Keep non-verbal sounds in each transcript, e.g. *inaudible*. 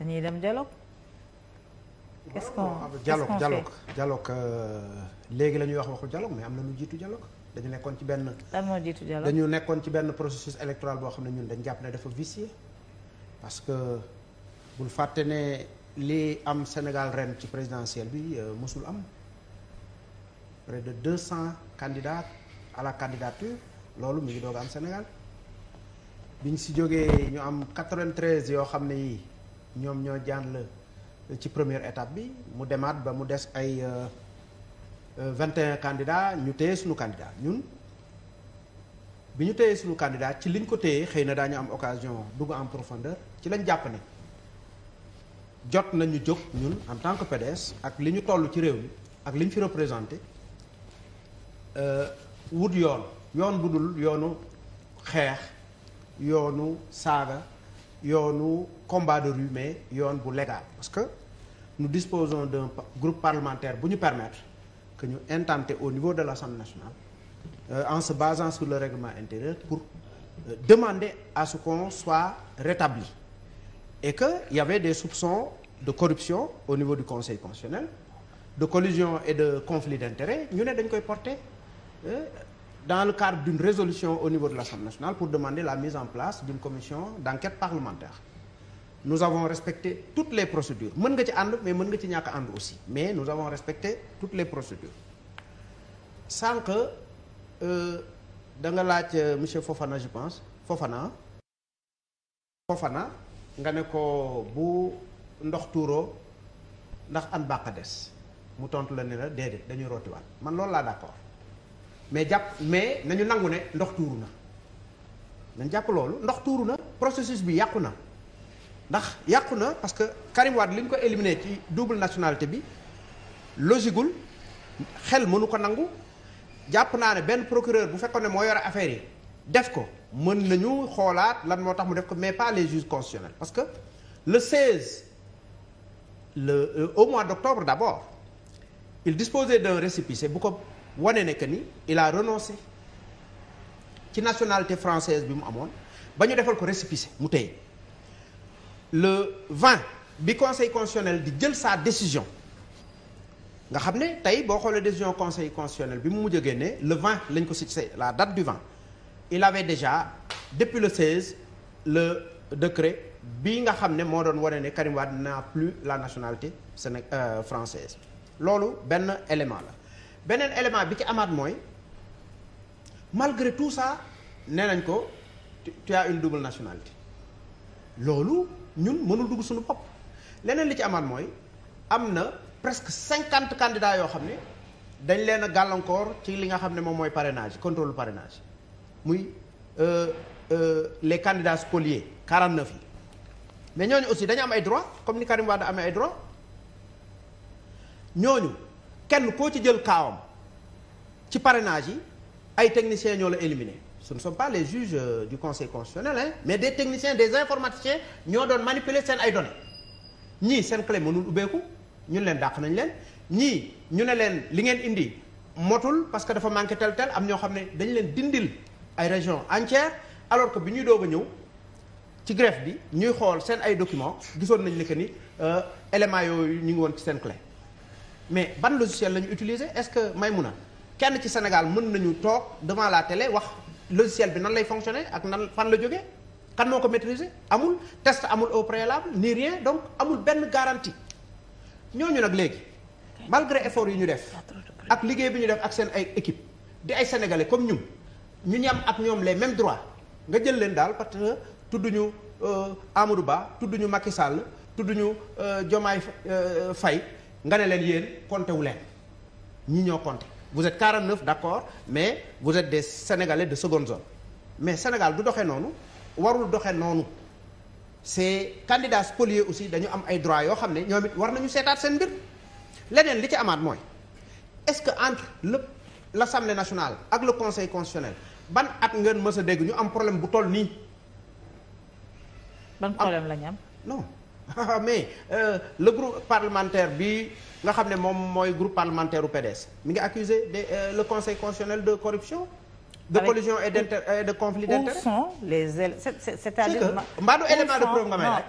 dañuy dem dialogue. qu'est-ce qu'on ah, dialogue dialogue dialogue euh, léegi la ñuy wax waxu dialogue mais am na lu jiitu dialogue dañu nekkoon ci benn. lan moo jiitu dialogue dañu nekkoon ci benn processus électoral boo xam ne ñun dañ jàpp ne dafa vicié parce que bul fàtte ne li am Sénégal ren ci présidentielle bi euh, mosul am près de deux cent candidats à la candidature loolu mu ngi doog am Sénégal biñ si jógee ñu am quatre yoo xam ne yii. ñoom ñoo jaan la ci première étape bi mu demaat ba mu des ay euh, vingt et un candidats ñu téye suñu candidat ñun bi ñu téyee suñu kandidaa ci liñ ko téyee xëy na daañu am occasion dugg en profondeur ci lañ jàpp ne jot nañu jóg ñun en tant que PDS ak li ñu toll ci réew mi ak liñ ñu fi représenté euh, wut yoon yoon bu dul yoonu xeex yoonu saaga yoonu combat de rue mais yoon bu légal parce que nous disposons d'un groupe parlementaire bu ñu permettre que ñu intenter au niveau de l'Assemblée nationale euh, en se basant sur le règlement intérieur pour euh, demander à ce qu'on soit rétabli et que il y avait des soupçons de corruption au niveau du Conseil constitutionnel de collusion et de conflit d'intérêts ñu ne dañ koy porter euh, dans le cadre d'une résolution au niveau de l'Assemblée nationale pour demander la mise en place d'une commission d'enquête parlementaire nous avons respecté toutes les procédures mën nga ci ànd mais mën nga ci ñàkk ànd aussi mais nous avons respecté toutes les procédures sànq euh, da nga laaj euh, monsieur Fofana je pense Fofana Fofana nga ne ko bu ndox tuuroo ndax an bàq des mu tontu la ne la déedéet dañuy rootiwaat man loolu laa d'accord mais jàpp mais nañu nangu ne ndox tuuru na nañ jàpp loolu ndox tuuru na processus bi yàqu na ndax yàqu na parce que Karim Wade li ñu ko éliminé ci double nationalité bi logigul xel mënu ko nangu jàpp naa ne benn procureur bu fekkoon ne moo yore affaire yi def ko mën nañu xoolaat lan moo tax mu def ko mais pas les juges constitutionnels parce que le 16 le euh, au mois d'octobre d'abord il disposait d'un récépissé bu ko wane ne que ni il a renoncé ci nationalité française bi mu amoon ba ñu defal ko récépissé mu tey le 20 bi conseil constitutionnel di jël saa décision nga xam ne tey boo xoolee décision conseil constitutionnel bi mu mujj a génne le 20 lañ ko fixé la date du 20 il avait déjà depuis le 16 le décret bi nga xam ne moo doon wane ne Karim Wade n'a plus la nationalité séné euh, française loolu benn élément la beneen élément bi ci amaat mooy malgré tout ça nee nañ ko tu as une double nationalité loolu ñun mënul dugg suñu bopp leneen li ci amaat mooy am na presque cinquante candidats yoo xam ne dañ leen gàllankoor ci li nga xam ne moom mooy parrainage contrôle parrainage muy euh, euh, les candidats spoliés 49 yi mais ñooñu aussi dañu am ay droit comme ni Karim Wade amee ay droit ñooñu. kenn koo ci jël kaawam ci parrainage yi ay techniciens ñoo la éliminé su ne sont pas les juges euh, du conseil constitutionnel mais des technicien des informaticiens ñoo doon manipuler seen ay données ñii seen clé mënul ubbeeku ñun leen dàq nañ leen ñii ñu ne leen li ngeen indi motul parce que dafa manqué tel tel am ñoo xam ne dañu leen dindil ay région entières alors que bi ñuy doog a ñëw ci greffe bi ñuy xool seen ay documents gisoon nañ ne que ni euh, éléments yooy ñu ngi woon ci seen mais ban logiciel la ñu utiliser est-ce que Maïmouna kenn ci Sénégal mën nañu toog dama laa tele wax logiciel bi nan lay fonctionner ak nan fan la jógee kan moo ko maîtriser amul test amul au préalable ni rien donc amul benn garantie ñooñu nag léegi malgré effort yi ñu def ak liggéey bi ñu def ak seen ay équipe di ay sénégalais comme ñun ñu ñam ak ñoom les mêmes droits nga jël leen daal parce que tudd ñu euh, Amadou Ba tudd ñu Macky Sall tudd ñu euh, Diomaye euh, fay nga ne leen yéen compté wu leen ñi ñoo compté vous êtes 49 d'accord mais vous êtes des sénégalais de seconde zone mais Sénégal du doxee noonu warul doxe noonu c'est candidats spoliés aussi dañu am ay droits yoo xam ne ñoom it war nañu seetaat seen mbir leneen li ci amaat mooy est-ce que entre la l'Assemblée nationale ak le Conseil constitutionnel ban at ngeen mës a dégg ñu am problème bu toll nii. ban problème la am non. *laughs* mais euh, le groupe parlementaire bi nga xam ne moom mooy groupe parlementaire u PDS mi ngi accusé de euh, le conseil constitutionnel de corruption de Avec collusion et d'inter euh, et de conflit d'intérêt. Où sont les c'est-à-dire mbaadu *laughs* élément de preuve nga may laaj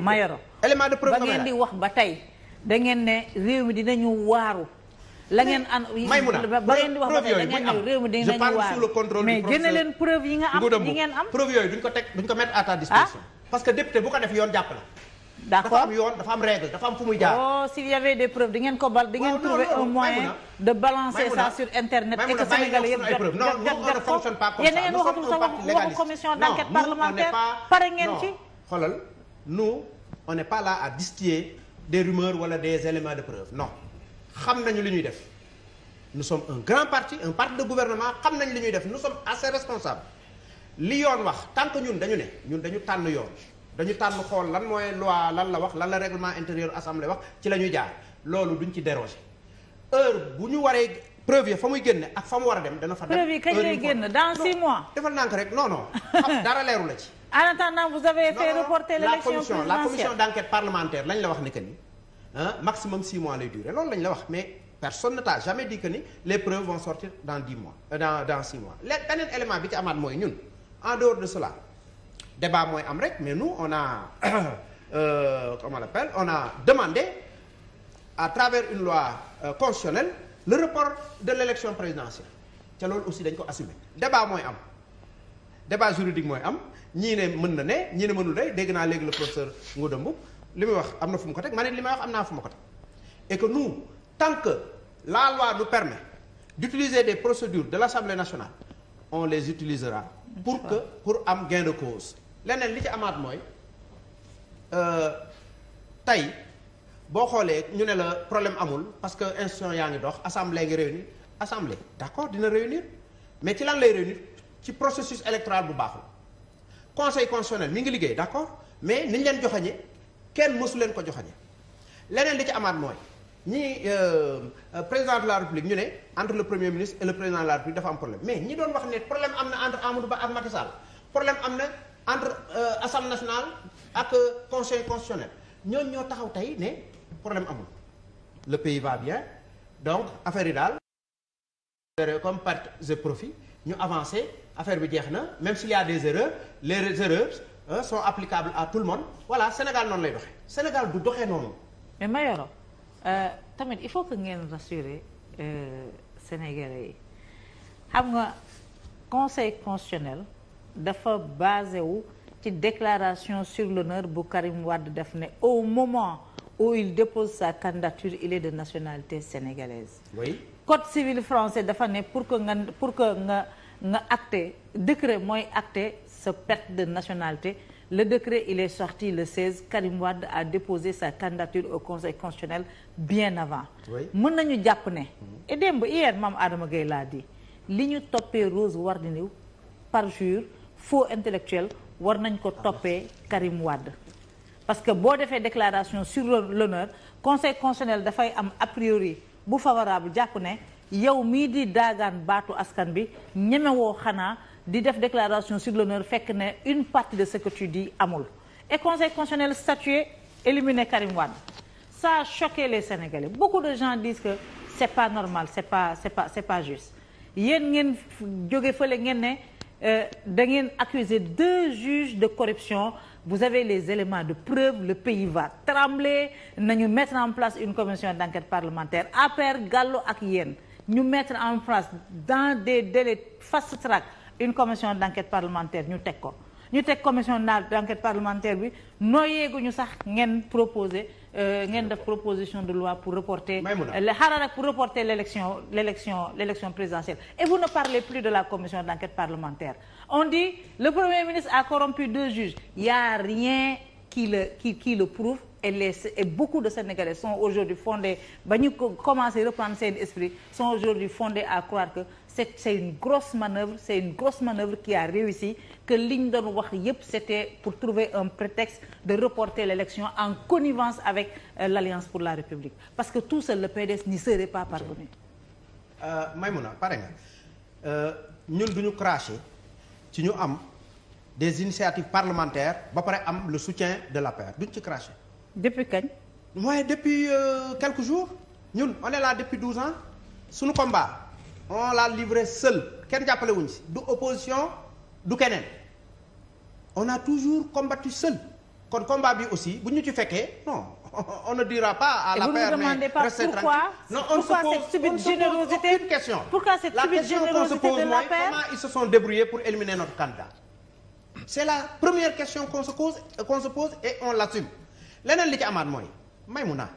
Mayoro élément de preuve nga ba ngeen di wax ba tey da ngeen ne réew mi dinañu waaru la ngeen may mun a ba ngeen di wax ba tey da ngeen ne réew mi dinañu waaru mais génne leen preuve yi nga am yi ngeen am preuve yooyu duñ ko parce que député bu ko def yoon jàpp la. dafa am yoon dafa am règle dafa am fu muy jaar. oh s'il y avait des preuves di ngeen ko bal di ngeen un moyen de balancer ça sur internet. et que Sénégalais yëpp ne fonctionne pas comme ça yéen a ngeen waxagul sax waxu commission d'enquête parlementaire pare ngeen ci. xoolal nous on n'est pas là à des rumeurs wala des éléments de preuve non xam nañu li ñuy def nous sommes un grand parti un parti de gouvernement xam nañ li ñuy def nous sommes assez li yoon wax tant que ñun dañu ne ñun dañu tànn yoon dañu tànn xool lan mooy loi lan la wax lan la règlement intérieur assemblée wax ci la ñu jaar loolu duñ ci déroger heure bu ñu waree preuve fa muy génne ak fa mu war a dem dana fa dem. preuve yi kañ lay génn dans six mois. defal nank rek non *laughs* la commission d'enquête parlementaire lañ la wax ni que ni maximum six mois lay durer loolu lañ la wax mais personne ne t'a jamais dit que ni les preuves vont sortir dans dix euh, ci amaat mooy ñun. en dehors de cela débat mooy am rek mais nous on a *coughs* euh, comment on l'appelle on a demandé à travers une loi euh, constitutionnelle le report de l'élection présidentielle ca loolu aussi dañ ko assumer débat mooy am débat juridique mooy am ñii ne mën na ne ñii ne mënul ne dégg naa léegi le professeur Ngouda Mboup li muy wax am na fu mu ko teg ma ne li may wax am naa fu ma ko teg et que nous tant que la loi nous permet d'utiliser des procédures de l'Assemblée nationale on les utilisera pour que pour am gain de cause leneen li ci amaat mooy euh, tey boo xoolee ñu ne la problème amul parce que institution yaa ngi dox assemblée ngi réunir assemblée d'accord dina réunir mais ci lan lay réunir ci processus électoral bu baaxul conseil constitutionnel mi ngi liggéey d'accord mais niñ leen joxañe kenn mësu leen ko joxañe leneen li ci amaat mooy ñi euh, euh, président de la république ñu ne entre le premier ministre et le président de la république dafa am problème mais ñi doon wax ne problème am na entre Amadou Ba ak Macky Sall problème am na entre euh, assemblée nationale ak conseil constitutionnel ñooñu ñoo taxaw tey ne problème amul le pays va bien donc affaire yi daal comme perte de profit ñu avancé affaire bi jeex na même s'il y des erreurs les erreurs sont applicables à tout le monde voilà Sénégal noonu lay doxee Sénégal du doxee noonu mais Eh, tamit il faut que ngeen rassurer eh, sénégalais yi xam nga conseil constitutionnel dafa basé wu ci déclaration sur l'honneur bu Karim wadd def ne au moment où il dépose sa candidature il est de nationalité sénégalaise. oui code civil français dafa ne pour que nga pour que nga nga acté décret mooy acté sa perte de nationalité. Le décret, il est sorti le 16. Karim Wade a déposé sa candidature au Conseil constitutionnel bien avant. mën nañu jàpp ne. et démb hier maam Adama Gueye laa di li ñu toppee Rose Wardini parjure faux intellectuel war nañ ko toppee Karim wàdd parce que boo defee déclaration sur l'honneur Conseil constitutionnel dafay am a bu favorable jàpp ne yow mii di daagaan baatu askan bi ñemewoo xanaa. di def déclaration sur l'honneur fekk ne une partie de ce que tu dis amul et conseil constitutionnel statué éliminé Karim Wade sa a les Sénégalais beaucoup de gens disent que c'est pas normal c'est pas c'est pas c'est juste yéen ngeen jóge fële ngeen ne euh, da ngeen accuser deux juges de corruption vous avez les éléments de preuve le pays va trembler nañu mettre en place une commission d'enquête parlementaire APR Gallo ak yéen ñu mettre en place dans des délais fast track une commission d'enquête parlementaire ñu teg ko d'enquête parlementaire bi nooyeeguñu sax ngeen proposer euh, ngeen def proposition de loi pour reporter xaaral rek pour reporter l'élection l'élection présidentielle et vous ne parlez plus de la commission d'enquête parlementaire on dit le premier ministre a corrompu deux juges il rien qui le prouve et beaucoup de Sénégalais sont aujourd'hui fondés ba ñu commencer reprendre seen esprit sont aujourd'hui fondés à croire que c'est c'est une grosse manœuvre c'est une grosse manœuvre qui a réussi que liñ doon wax yépp c'était pour trouver un prétexte de reporter l'élection en connivence avec euh, l'Alliance pour la République parce que tout seul le PDS n'y serait pas parvenu euh, Maïmouna pare nga euh, ñun duñu cracher ci ñu am des initiatives parlementaires ba pare am le soutien de la paire duñ ci cracher depuis kañ mooy depuis euh, quelques jours ñun on là depuis douze ans suñu combat on l'a livre seul kenn jàppale wuñ si du opposition du keneen on a toujours combattu seul kon combat bi aussi bu ñu ci fekkee non *laughs* on ne dira pas à la paire mais restez pourquoi, non on pourquoi se pose cette générosité question pourquoi la subite question qu'on se pose mooy comment ils pour éliminer notre candidat c'est la première question qu'on se pose qu'on se on l'assume leneen li ci amaat mooy Maïmouna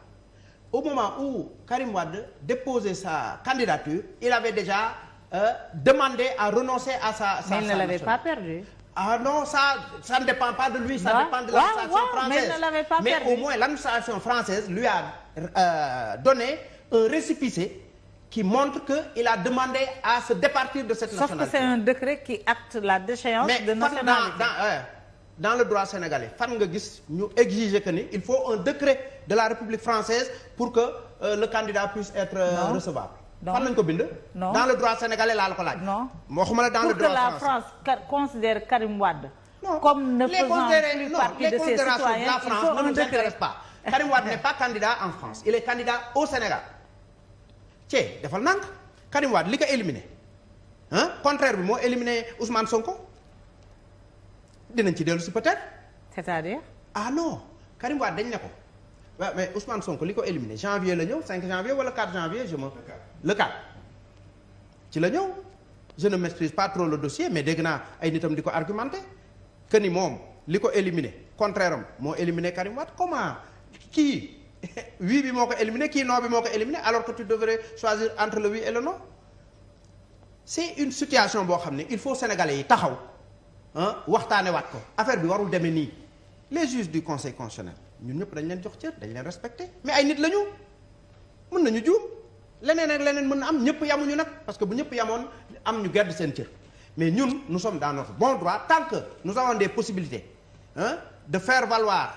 au moment où Karim Wade déposait sa candidature il avait déjà euh, demandé à renoncer à sa. sa mais il ne l'avait pas perdu. ah non ça ça ne dépend pas de lui. ça ouais. dépend de l'administration ouais, ouais, française mais il ne l'avait pas mais perdu. au moins l'administration française lui a euh, donné un récépissé qui montre que il a demandé à se départir de cette nationalité. sauf que c'est un décret qui acte la déchéance. de nationalité mais dans le droit sénégalais fan nga gis ñu exiger que ni il faut un décret de la République française pour que euh, le candidat puisse être euh, recevable fan nañ ko bind dans le droit sénégalais laa la ko laaj non waxuma la dans le droit français pour que la France car, considère Karim Wade non. comme ne faisant plus partie de ses citoyens il faut un la France ne nous pas Karim n'est pas candidat en France il est candidat au Sénégal cee defal nànk Karim ko dinañ ci dellu si peut-être. c'est-à-dire. ah non Karim Wade dañ ne ko waaw mais Ousmane Sonko li ko éliminé janvier la ñëw 5 janvier wala 4 janvier je me. le 4 ci la ñëw je ne maîtrise pas trop le dossier mais dégg naa ay nitam di ko argumenté que ni moom li ko éliminé contraire moo éliminé Karim Wade comment kii oui *laughs* bi moo ko éliminé kii non bi moo ko éliminé alors que tu devrais choisir entre le oui et le non c'est une situation boo xam ne il faut sénégalais yi taxaw. waxtaane waat ko affaire bi warul demee nii les juges du conseil constitutionnel ñun ñëpp dañu leen jox cër dañu leen respecte mais ay nit la ñu mën nañu juum leneen ak leneen mun na am ñëpp yamuñu nag parce que bu ñëpp yamoon am ñu gàdd seen cër mais ñun nous sommes dans notre bon droit tant que nous avons des possibilités hein, de fair valoir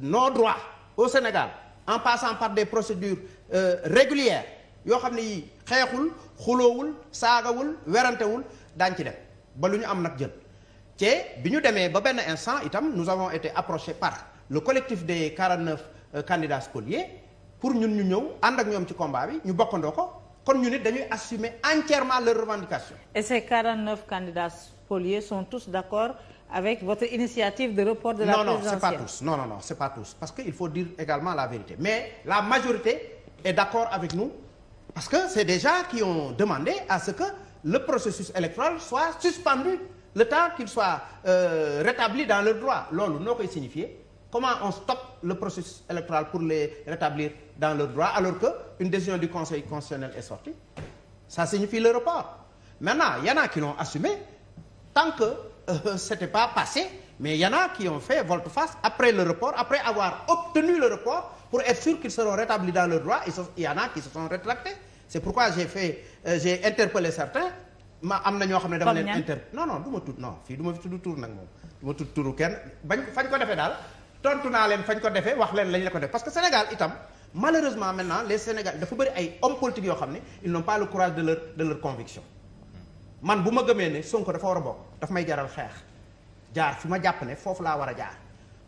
non droits au Sénégal en passant par des procédures euh, régulières yoo xam ne yi xeexul xuloowul saagawul werantewul daañ ci def ba lu ñu am nag jël te bi ñu demee ba benn instant itam nu avons été approchés par le collectif des 49 euh, candidats spoliés pour ñun ñu ñëw ànd ak ñoom ci combat bi ñu bokkandoo ko kon ñu nit dañuy assumer entièrement leurs revendications. et ces 49 candidats spoliés sont tous d'accord avec votre initiative de report de la non, no non non c'est pas tous parce que il faut dire également la vérité mais la majorité est d'accord avec nous parce que demandé à que le processus électoral soit suspendu le temps qu'ils soient euh, rétablis dans leurs droits loolu noo koy signifier comment on stoppe le processus électoral pour les rétablir dans leurs droits alors que une décision du conseil constitutionnel est sortie ça signifie le report maintenant y en a qui l'ont assumé tant que euh, *laughs* c'était pas passé mais y en a qui ont fait volte-face après le report avoir obtenu le report pour être sûr qu'ils seront rétablis dans leurs droits il y en a qui se sont rétractés ma am na ñoo xam ne dama leen inter non non du ma tudd non fii du ma fi tudd tur ko defee daal tontu naa leen ko defee wax leen lañ la ko def parce que Sénégal itam malheureusement maintenant les Sénégal dafa bëri ay yoo xam ne ils n'ont pas le de leur de man bu ma gëmee ne Sonko dafa war a bokk daf may jaral xeex jaar fi ma jàpp ne foofu laa war a jaar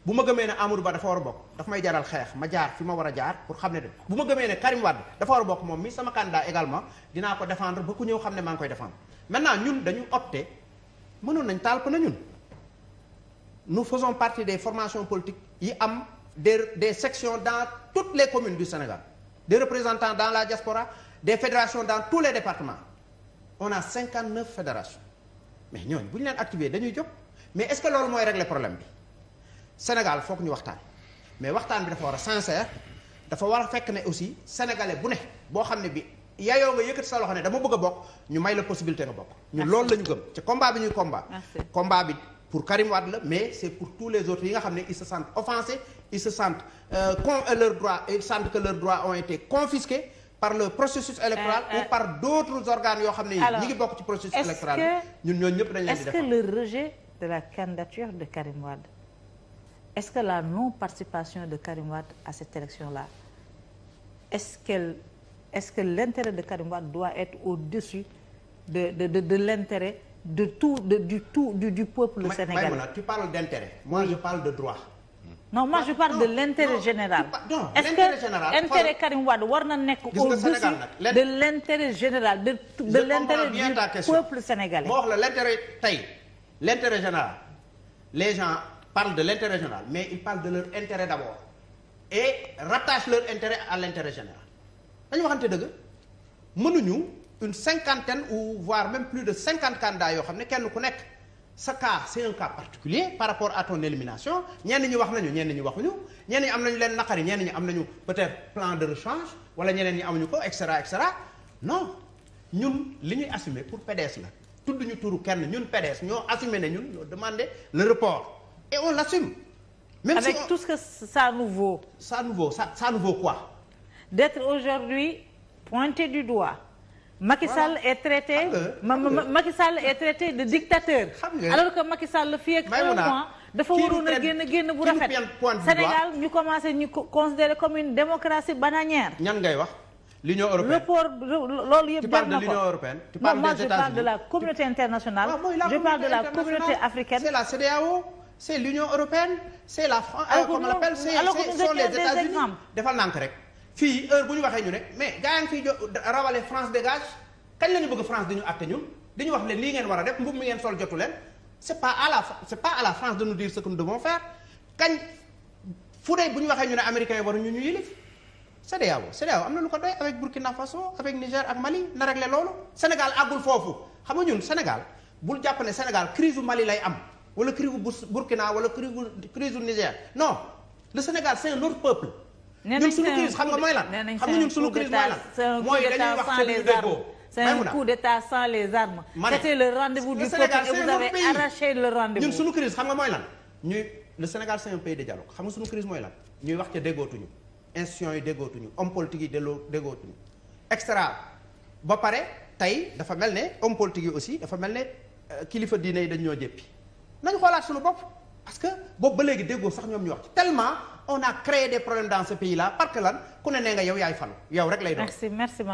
bu ma gëmee ne Amadou Ba dafa war a bokk daf may jaral xeex ma jaar fi ma war a jaar pour xam ne de bu ma gëmee ne Karim Wade dafa war a bokk moom mi sama candidat également dinaa ko défendre ba ku ñëw xam ne maa ngi koy défendre maintenant ñun dañu opté mënoon nañ taal pneu ñun nous façon partie des formation politiques yi am des des sections dans toutes les communes du Sénégal des représentants dans la diaspora de fédérations dans tous les départements on a 59 fédérations mais ñooñu bu ñu leen activer dañuy jóg mais est-ce que loolu mooy régler problème bi Sénégal foog ñu waxtaan mais waxtaan bi dafa war a sincère dafa war a fekk ne aussi sénégalais bu ne boo xam ne bi yaayoo nga yëkkati sa loxo ne dama bëgg a bokk ñu may la possibilité nga bokk ñu loolu la ñu gëm ci combat bi ñuy combat combat bi pour Karim Wade la mais c'est pour tous les autres yi nga xam ne ils se sentent offensés ils se sentent euh, euh par le processus électoral euh, euh. ou par d'autres organes yoo xam ne ñi ngi bokk ci processus électoral ñun ñooñu ñëpp dañ leen di def est-ce que le rejet de la candidature de Karim est-ce que la non-participation de Karim Wade à cette élection-là est-ce que l'intérêt de Karim Wade doit être au-dessus de l'intérêt tout de du tout du du peuple Ma, sénégalais. Maïmouna, tu parles d'intérêt. Moi, je parle de l'intérêt général. non est-ce que intérêt Karim Wade war na nekk au-dessus de l'intérêt général de l'intérêt du peuple sénégalais. moo wax la l'intérêt tey l'intérêt général les gens parlent de l'intérêt général mais ils parlent de leur intérêt d'abord et rattachent leur intérêt à l'intérêt général. dañu waxante dëgg mënuñu une cinquantaine ou voire même plus de cinquante candidats yoo xam ne kenn ku nekk sa cas c'est un cas particulier par rapport à ton élimination ñenn ñi wax nañu ñenn ñi waxuñu ñenn ñi am nañu leen naqari ñenn ñi am nañu peut-être plan de rechange wala ñeneen ñi amuñu ko et cetera et cetera non ñun li ñuy assumer pour PDS la tudd ñu turu kenn ñun PDS ñoo assumer ne ñun ñoo demander le report et on l'assume même avec si on... tout ce que ça nous vaut. quoi d'être aujourd'hui pointé du doigt. Macky Sall est traité Macky Sall est traité de dictateur. alors que Macky Sall fii ak dafa waroon a génn génn bu rafet Sénégal ñu commencé ñu considérer comme une démocratie bananière. ñan ngay wax. loolu yëpp. jar na ko tu parles de l'union ah, moi je parle de la communauté internationale. je parle de la communauté africaine. c'est la CEDEAO c'est l'union européenne c'est la France. Euh, alors que nous alors que nous defal nànk rek. fii heure bu ñu waxee ñu ne mais gaa ngi fii rawale France dégage kañ la ñu bëgg France di ñu àtte ñun di ñu wax leen lii ngeen war a def mbub mi ngeen sol jotu leen c'est pas à la France de nous dire ce que nous devons kañ fu dee bu ñu waxee ñu ne américains yi waruñu ñu yilif CEDEAO CEDEAO am na lu ko doy avec Burkina Faso avec Niger ak Mali na réglé loolu Sénégal àggul foofu xam ñun Sénégal bul jàpp ne Sénégal crise u Mali lay am wala crise u Burkina wala crise u Niger non le Sénégal c'est ñun suñu crise xam mooy lan xam nga ñun suñu crise mooy lan mooy dañuy wax ci déggoo C'est un coup d'état sans les armes. C'était le rendez-vous du peuple et vous avez arraché le rendez-vous. ñun suñu crise xam mooy lan ñuy le Sénégal c'est un de dialogue xam nga suñu crise mooy lan ñuy wax ca déggootuñu institutions yi déggootuñu homme politique yi déggootuñu extra ba pare tey dafa mel ne homme politique yi aussi dafa mel ne eh, kilifa diine yi dañ ñoo jéppi nañ xoolaat suñu bopp parce que boobu ba léegi déggoo sax ñoom ñu wax ci tellement on a créé des problèmes dans ce pays lan ku ne nee nga yow yaay falu yow rek lay doon. merci merci